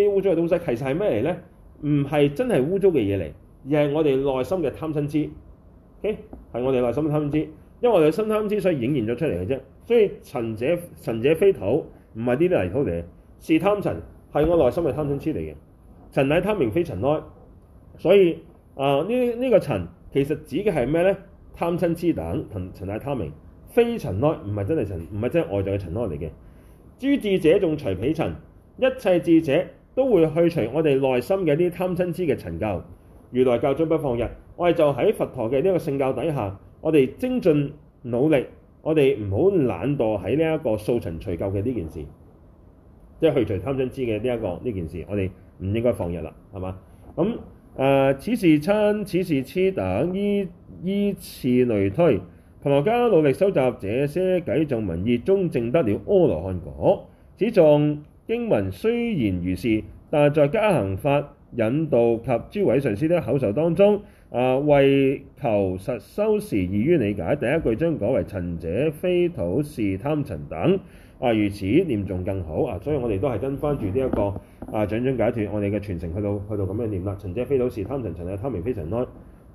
啲污糟嘅東西其實係咩嚟咧？唔係真係污糟嘅嘢嚟，而係我哋內心嘅貪嗔痴。O.K. 係我哋內心嘅貪嗔痴。因為我哋貪瞋痴之所以影現咗出嚟嘅啫，所以塵者，塵者非土，唔係呢啲泥土嚟，是貪塵，係我內心嘅貪瞋痴嚟嘅。塵乃貪名非塵埃，所以啊呢呢個塵其實指嘅係咩咧？貪瞋痴等，塵塵乃貪名，非塵埃，唔係真係塵，唔係真係外在嘅塵埃嚟嘅。諸智者仲除彼塵，一切智者都會去除我哋內心嘅啲貪瞋痴嘅塵垢。如來教宗不放逸，我哋就喺佛陀嘅呢一個聖教底下。我哋精進努力，我哋唔好懶惰喺呢一個掃塵除垢嘅呢件事，即係去除貪瞋痴嘅呢一個呢件事，我哋唔應該放逸啦，係嘛？咁、嗯、誒、呃，此塵瞋，此塵痴等，依依次類推，槃陀迦努力收集這些偈頌密意，終證得了阿羅漢果。此眾經文雖然如是，但在加行法引導及諸位上師的口授當中。啊，為求實修時易於理解，第一句將改為「塵者非土是貪塵等」啊，如此念仲更好啊！所以我哋都係跟翻住呢一個啊，長長解脫我哋嘅傳承去到去到咁樣念啦。塵、啊、者非土是貪塵，塵乃貪名非塵埃，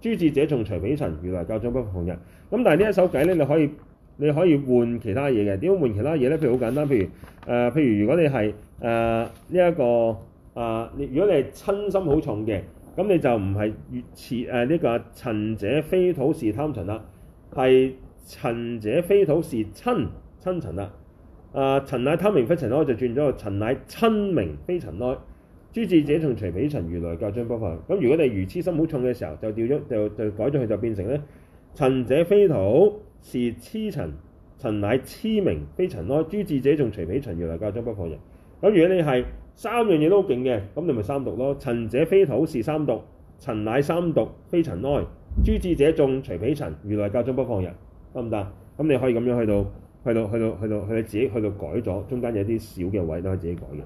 諸智者仲除彼塵，如來教眾不狂人。咁、啊、但係呢一首偈咧，你可以你可以換其他嘢嘅，點換其他嘢咧？譬如好簡單，譬如誒、啊，譬如如果你係誒呢一個啊，你、呢個啊、如果你係親心好重嘅。咁你就唔係越次誒，呢個塵者非土是貪塵啦，係塵者非土是親親塵啦。啊、呃，塵乃貪名非塵埃，就轉咗個塵乃親名非塵埃。諸智者從隨彼塵，如來教張不放人。咁如果你如痴心好重嘅時候，就掉咗就就，就改咗佢，就變成咧塵者非土是痴塵，塵乃痴名非塵埃。諸智者從隨彼塵，如來教張不放人。咁如果你係三樣嘢都勁嘅，咁你咪三毒咯。塵者非土是三毒；塵乃三毒，非塵埃。諸智者眾除彼塵如來教中不放人，得唔得？咁你可以咁樣去到去到去到去到去你自己去到改咗，中間有啲小嘅位都可以自己改嘅。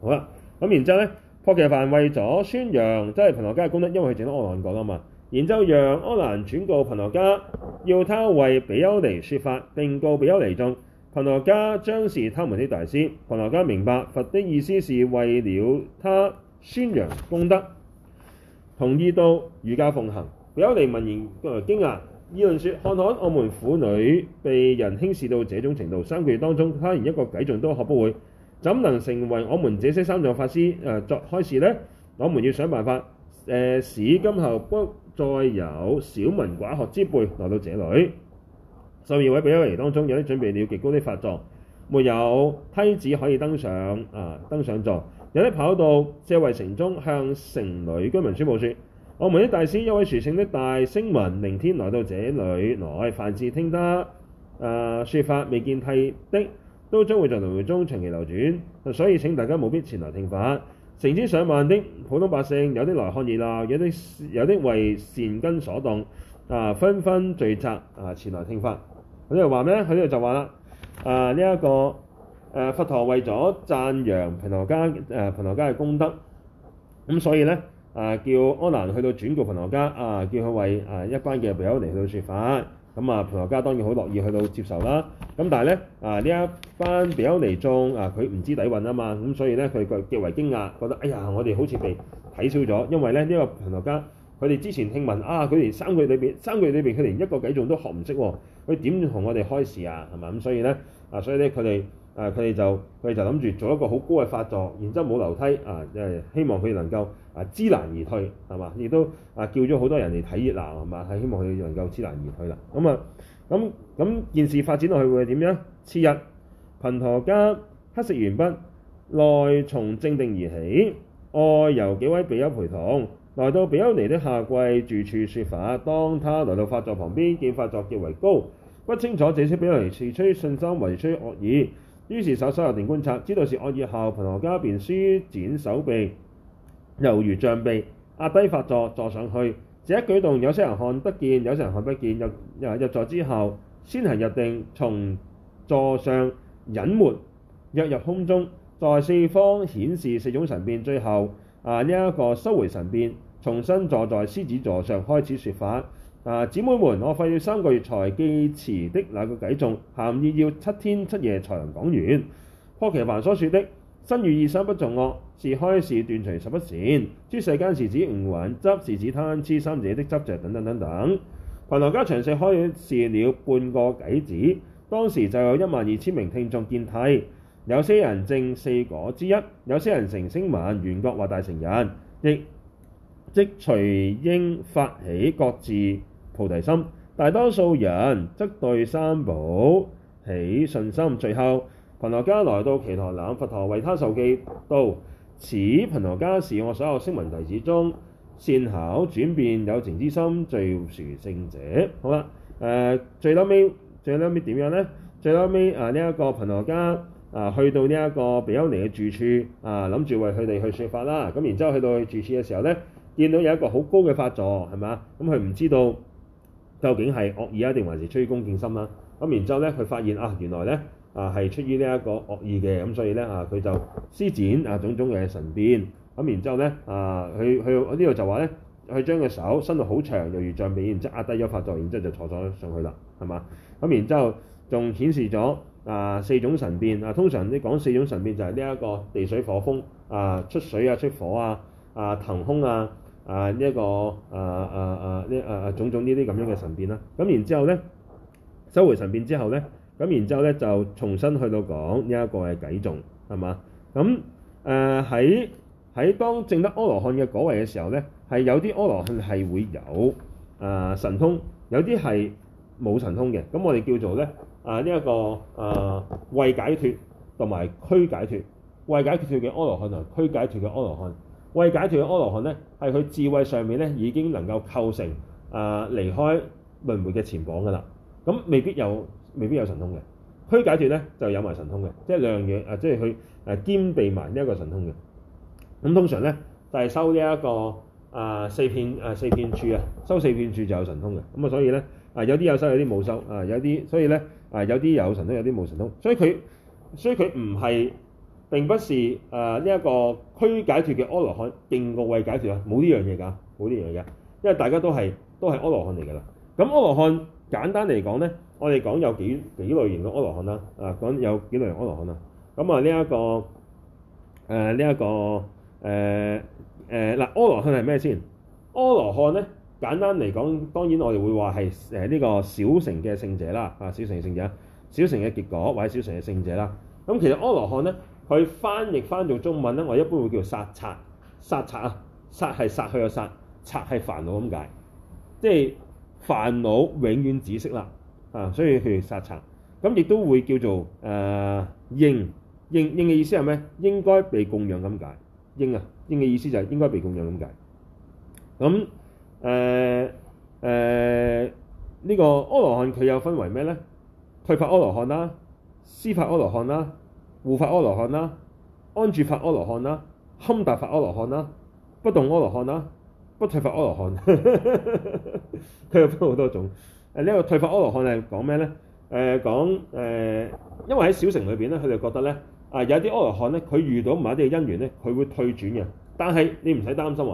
好啦、啊，咁然之後咧，薄伽梵為咗宣揚，即係槃陀迦嘅功德，因為佢整得阿難講啊嘛。然之後讓阿難轉告槃陀迦，要他為比丘尼説法並告比丘尼眾。槃陀迦將是他們的大師。槃陀迦明白佛的意思是為了他宣揚功德，同意到儒家奉行。有尼聞言誒驚訝，議論說：看看我們婦女被人輕視到這種程度，三個月當中他連一個偈頌都學不會，怎能成為我們這些三藏法師誒作開示呢？我們要想辦法誒使今後不再有小民寡學之輩來到這裡。 十二位比丘尼當中有啲準備了極高的法座，沒有梯子可以登上啊！登上座，有啲跑到借慧城中向城裏居民宣佈説：我們的大師一位殊勝的大聲聞，明天來到這裏來。凡事聽得誒、啊、説法未見梯的，都將會在輪迴中長期流轉。所以請大家務必前來聽法。成千上萬的普通百姓，有啲來看熱鬧，有啲有啲為善根所動啊，紛紛聚集啊前來聽法。佢哋話咩咧？佢哋就話啦：啊，呢、這、一個誒佛陀為咗讚揚槃陀迦誒槃陀迦嘅功德，咁所以咧啊，叫安南去到轉告槃陀迦，啊，叫佢為啊一班嘅比丘尼嚟到説法。咁啊，槃陀迦當然好樂意去到接受啦。咁但係咧啊，呢啊一班比丘尼中啊，佢唔知底蘊啊嘛，咁所以咧佢極為驚訝，覺得哎呀，我哋好似被睇少咗，因為咧呢、這個槃陀迦，佢哋之前聽聞啊，佢連三個月裏邊三個月裏邊佢連一個偈頌都學唔識喎。佢點同我哋開市啊？係嘛，咁，所以咧啊，所以咧佢哋啊，佢哋就佢哋就諗住做一個好高嘅法作，然之後冇樓梯啊，即、就、係、是、希望佢哋能夠啊知難而退係嘛，亦都啊叫咗好多人嚟睇熱鬧係嘛，係希望佢哋能夠知難而退啦。咁啊，咁、啊、咁件事發展落去會點樣？次日，頻陀家乞食完畢，內從正定而起，外由幾位比丘陪同，來到比丘尼的夏季住處説法。當他來到法座旁邊，見法作極為高。不清楚這些表達是吹信心還是吹惡意，於是手手入定觀察，知道是惡意後，槃陀迦便舒展手臂，猶如象臂，壓低法座坐上去。這一舉動有些人看得見，有些人看不見。入入座之後，先行入定，從座上隱沒躍入空中，在四方顯示四種神變，最後啊呢一個收回神變，重新坐在獅子座上開始説法。啊，姊妹們，我費了三個月才記詞的那個偈，仲含義要七天七夜才能講完。薄伽梵所說的，身語意三不造惡，是開示斷除十不善，諸世間時事指五還執，是指貪痴三者的執着等等等等。槃陀迦詳細開示了半個偈子，當時就有一萬二千名聽眾見諦，有些人證四果之一，有些人成聲聞、緣覺或大乘人，亦即隨應發起各自菩提心，大多數人則對三寶起信心。最後，槃陀迦來到祇陀林，冷佛陀為他授記道：此槃陀迦是我所有聲聞弟子中善巧轉變有情之心最殊勝者。好啦，誒最後尾最後尾點樣咧？最後尾啊呢一個槃陀迦啊去到呢一個比丘尼嘅住處啊，諗住為佢哋去説法啦。咁然之後去到住處嘅時候咧，見到有一個好高嘅法座，係咪？咁佢唔知道。究竟係惡意啊，定還是出於恭敬心啦？咁然之後咧，佢發現啊，原來咧啊係出於呢一個惡意嘅，咁所以咧啊佢就施展啊種種嘅神變。咁然之後咧啊，佢佢呢度、啊、就話咧，佢將個手伸到好長，猶如象鼻，然之後壓低咗發作，然之後就坐咗上去啦，係嘛？咁然之後仲顯示咗啊四種神變啊。通常你講四種神變就係呢一個地水火風啊，出水啊，出火啊啊，騰空啊。啊呢一個啊啊啊呢啊啊種種呢啲咁樣嘅神變啦，咁然之後咧收回神變之後咧，咁然之後咧就重新去到講呢一個嘅偈頌係嘛？咁誒喺喺當正得阿羅漢嘅果位嘅時候咧，係有啲阿羅漢係會有啊神通，有啲係冇神通嘅。咁我哋叫做咧啊呢一、這個啊慧解脱同埋俱解脱，慧解脱嘅阿羅漢同俱解脱嘅阿羅漢。慧解脫嘅阿羅漢咧，係佢智慧上面咧已經能夠構成啊離、呃、開輪迴嘅前綁㗎啦。咁未必有未必有神通嘅，俱解脫咧就有埋神通嘅，即係兩樣嘢，即係佢誒兼備埋呢一個神通嘅。咁通常咧就係、是、收呢、這、一個啊、呃、四片啊、呃、四片柱啊，收四片柱就有神通嘅。咁啊所以咧啊有啲有收有啲冇收啊有啲所以咧啊有啲有神通有啲冇神通，所以佢所以佢唔係。並不是誒呢一個俱解脫嘅阿羅漢，定個慧解脫啊！冇呢樣嘢㗎，冇呢樣嘢㗎，因為大家都係都係阿羅漢嚟㗎啦。咁阿羅漢簡單嚟講咧，我哋講有幾幾類型嘅阿羅漢啦。啊，講有幾類型阿羅漢啊。咁啊，呢一個誒呢、呃、一個誒誒嗱，阿羅漢係咩先？阿羅漢咧簡單嚟講，當然我哋會話係誒呢個小乘嘅聖者啦。啊，小乘嘅聖者，小乘嘅結果或者小乘嘅聖者啦。咁、嗯、其實阿羅漢咧。佢翻譯翻做中文咧，我一般會叫殺賊、殺賊啊！殺係殺去嘅殺，賊係煩惱咁解，即係煩惱永遠紫色啦啊！所以佢殺賊，咁、啊、亦都會叫做誒、呃、應應應嘅意思係咩？應該被供養咁解應啊，應嘅意思就係應該被供養咁解。咁誒誒呢個阿羅漢佢有分為咩咧？退法阿羅漢啦、思法阿羅漢啦。護法阿羅漢啦，安住法阿羅漢啦，堪達法阿羅漢啦，不動阿羅漢啦，不退法阿羅漢，佢 有分好多種。誒，呢個退法阿羅漢係講咩咧？誒、呃，講誒、呃，因為喺小城裏邊咧，佢哋覺得咧，啊、呃、有啲阿羅漢咧，佢遇到唔係一啲嘅姻緣咧，佢會退轉嘅。但係你唔使擔心，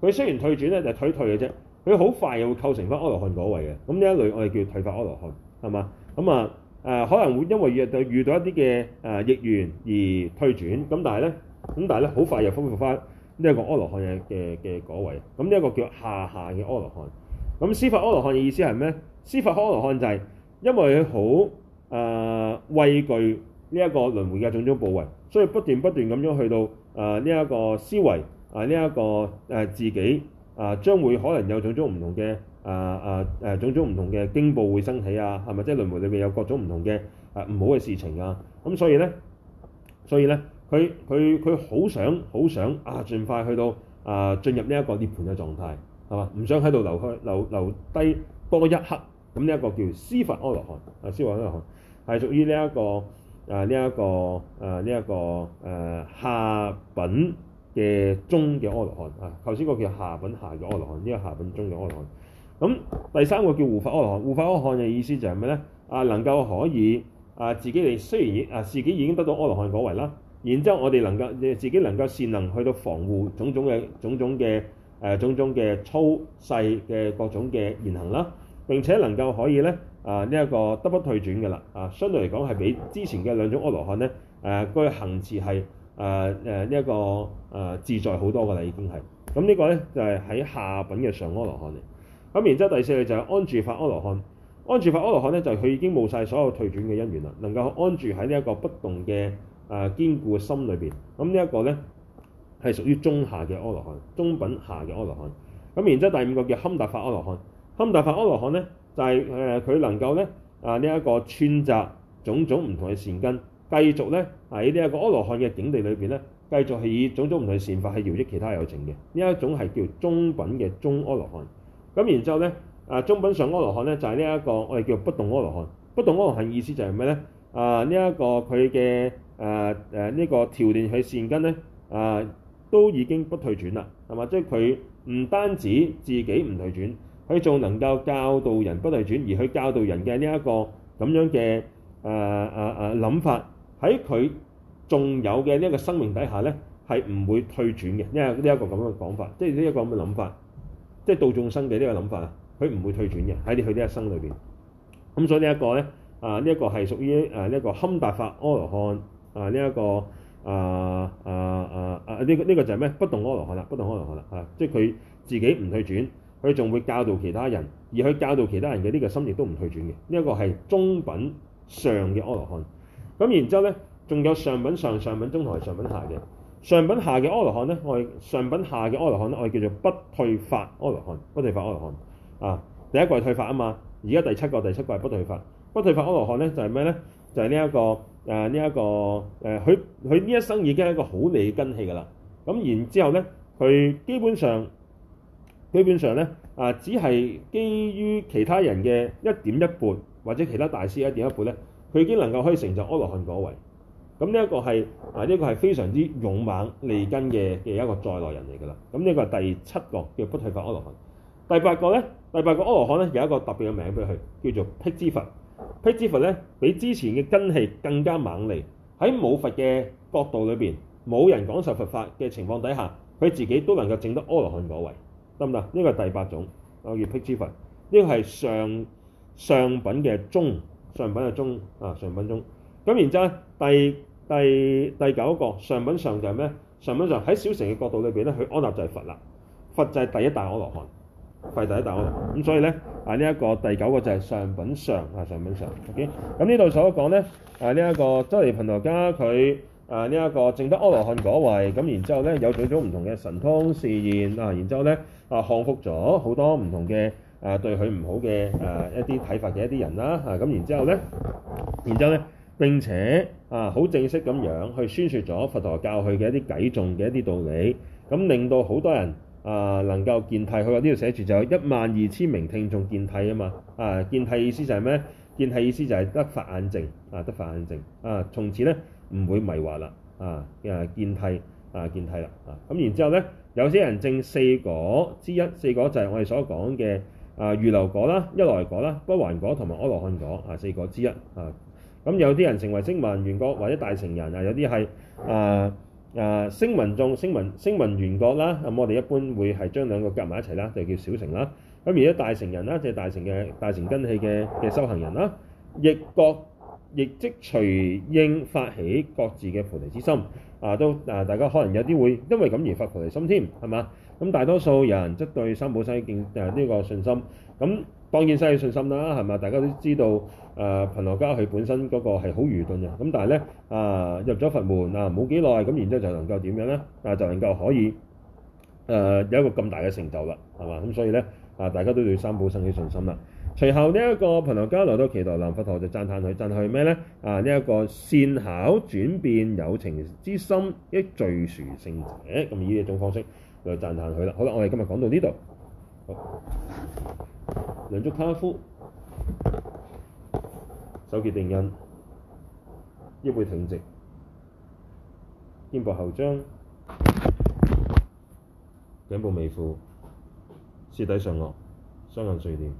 佢雖然退轉咧，就係、退退嘅啫，佢好快又會構成翻阿羅漢嗰位嘅。咁呢一類我哋叫退法阿羅漢，係嘛？咁、嗯、啊。誒、呃、可能會因為遇就遇到一啲嘅誒逆緣而退轉，咁但係咧，咁但係咧，好快又恢復翻呢一個阿羅漢嘅嘅嗰位，咁呢一個叫下下嘅阿羅漢。咁思法阿羅漢嘅意思係咩咧？思法阿羅漢就係因為佢好誒畏懼呢一個輪迴嘅種種怖畏，所以不斷不斷咁樣去到誒呢一個思維啊，呢、呃、一、這個誒、呃、自己啊、呃，將會可能有種種唔同嘅。啊啊誒，種種唔同嘅經部會生起啊，係咪？即係輪迴裏面有各種唔同嘅啊唔好嘅事情啊。咁所以咧，所以咧，佢佢佢好想好想啊，盡快去到啊進入呢一個涅盤嘅狀態，係嘛？唔想喺度留開留留,留低多一刻。咁呢一個叫思法阿羅漢啊，思法阿羅漢係屬於呢、這、一個啊呢一、這個啊呢一、這個誒、啊這個啊、下品嘅中嘅阿羅漢啊。頭先個叫下品下嘅阿羅漢，呢、啊個,這個下品中嘅阿羅漢。咁第三個叫護法阿羅漢，護法阿羅漢嘅意思就係咩咧？啊，能夠可以啊，自己哋雖然啊，自己已經得到阿羅漢果位啦，然之後我哋能夠自己能夠善能去到防護種種嘅種種嘅誒、呃、種種嘅粗細嘅各種嘅言行啦，並且能夠可以咧啊呢一個得不退轉嘅啦啊，相對嚟講係比之前嘅兩種阿羅漢咧誒個行持係誒誒呢一個誒自在好多㗎啦，已經係咁、嗯這個、呢個咧就係、是、喺下品嘅上阿羅漢嚟。咁然之後第四個就係安住法阿羅漢。安住法阿羅漢咧，就係佢已經冇晒所有退轉嘅因緣啦，能夠安住喺呢一個不動嘅誒堅固嘅心裏邊。咁、這個、呢一個咧係屬於中下嘅阿羅漢，中品下嘅阿羅漢。咁然之後第五個叫堪達法阿羅漢。堪達法阿羅漢咧就係誒佢能夠咧啊呢一、這個穿雜種種唔同嘅善根，繼續咧喺呢一個阿羅漢嘅境地裏邊咧，繼續係以種種唔同嘅善法係搖益其他有情嘅呢一種係叫中品嘅中阿羅漢。咁然之後咧，啊中品上阿羅漢咧，就係呢一個我哋叫不動阿羅漢。不動阿羅漢意思就係咩咧？啊呢一個佢嘅誒誒呢個調練佢善根咧，啊都已經不退轉啦，係嘛？即係佢唔單止自己唔退轉，佢仲能夠教導人不退轉，而去教導人嘅呢一個咁樣嘅誒誒誒諗法，喺佢仲有嘅呢一個生命底下咧，係唔會退轉嘅。因為呢一個咁嘅講法，即係呢一個咁嘅諗法。即係度眾生嘅呢個諗法啊，佢唔會退轉嘅喺佢呢一生裏邊，咁所以呢一個咧啊，呢一個係屬於誒呢個堪達法阿羅漢啊，呢一個啊啊啊啊呢個呢個就係咩？不動阿羅漢啦，不動阿羅漢啦啊！即係佢自己唔退轉，佢仲會教導其他人，而佢教導其他人嘅呢個心亦都唔退轉嘅。呢一個係中品上嘅阿羅漢。咁然之後咧，仲有上品上、上品中同埋上品下嘅。上品下嘅阿羅漢咧，我哋上品下嘅阿羅漢咧，我哋叫做不退法阿羅漢，不退法阿羅漢啊。第一個係退法啊嘛，而家第七個第七個係不退法。不退法阿羅漢咧就係咩咧？就係、是、呢一、就是這個誒呢一個誒，佢佢呢一生已經係一個好利根器㗎啦。咁、啊、然之後咧，佢基本上基本上咧啊，只係基於其他人嘅一點一半，或者其他大師嘅一點一半咧，佢已經能夠可以成就阿羅漢果位。咁呢一個係啊，呢一個係非常之勇猛利根嘅嘅一個在內人來人嚟㗎啦。咁、這、呢個係第七個叫不退法阿羅漢。第八個咧，第八個阿羅漢咧有一個特別嘅名俾佢，叫做辟支佛。辟支佛咧比之前嘅根器更加猛利。喺冇佛嘅角度裏邊，冇人講授佛法嘅情況底下，佢自己都能夠整得阿羅漢果位，得唔得？呢、這個係第八種，我叫辟支佛。呢、這個係上上品嘅中上品嘅中啊上品中。咁然之後咧，第第第九個上品上就係咩？上品上喺小乘嘅角度裏邊咧，佢安立就係佛啦，佛就係第一大阿羅漢，係第一大阿羅漢。咁所以咧，啊呢一、這個第九個就係上品上啊，上品上。OK，咁呢度所講咧，啊呢一、這個周利槃陀迦，佢啊呢一、這個證得阿羅漢果位，咁然之後咧有種種唔同嘅神通示現啊，然之後咧啊降服咗、啊、好多唔同嘅啊對佢唔好嘅啊一啲睇法嘅一啲人啦嚇，咁然之後咧，然之後咧。並且啊，好正式咁樣去宣説咗佛陀教佢嘅一啲偈頌嘅一啲道理，咁令到好多人啊能夠見諦。佢話呢度寫住就有一萬二千名聽眾見諦啊嘛。啊，見諦意，意思就係咩？見諦意思就係得法眼淨啊，得法眼淨啊，從此咧唔會迷惑啦。啊，啊見諦啊見諦啦啊。咁、啊、然之後咧，有些人證四果之一，四果就係我哋所講嘅啊，預流果啦、一來果啦、不還果同埋阿羅漢果啊，四果之一啊。咁有啲人成為聲聞緣覺或者大乘人啊，有啲係啊啊聲聞眾、聲聞聲聞緣覺啦。咁我哋一般會係將兩個夾埋一齊啦，就叫小乘啦。咁而家大乘人啦，即係大乘嘅大乘根器嘅嘅修行人啦，亦各亦即隨應發起各自嘅菩提之心啊。都啊，大家可能有啲會因為咁而發菩提心添，係嘛？咁大多數人則對三寶生起嘅呢個信心咁。當然生起信心啦，係嘛？大家都知道，誒、呃、槃陀迦佢本身嗰個係好愚鈍嘅，咁但係咧，啊、呃、入咗佛門啊冇幾耐，咁、呃、然之後就能夠點樣咧？啊就能夠可以誒、呃、有一個咁大嘅成就啦，係嘛？咁所以咧啊，大家都對三寶生起信心啦。隨後呢、這、一個槃陀迦來到祇陀林，佛陀就讚歎佢，讚歎佢咩咧？啊呢一、這個善巧轉變有情之心，亦最殊勝者，咁以一種方式嚟讚歎佢啦。好啦，我哋今日講到呢度。好，兩足跏趺，手結定印，腰背挺直，肩膊後張，頸部微俯，舌抵上顎，雙眼垂簾。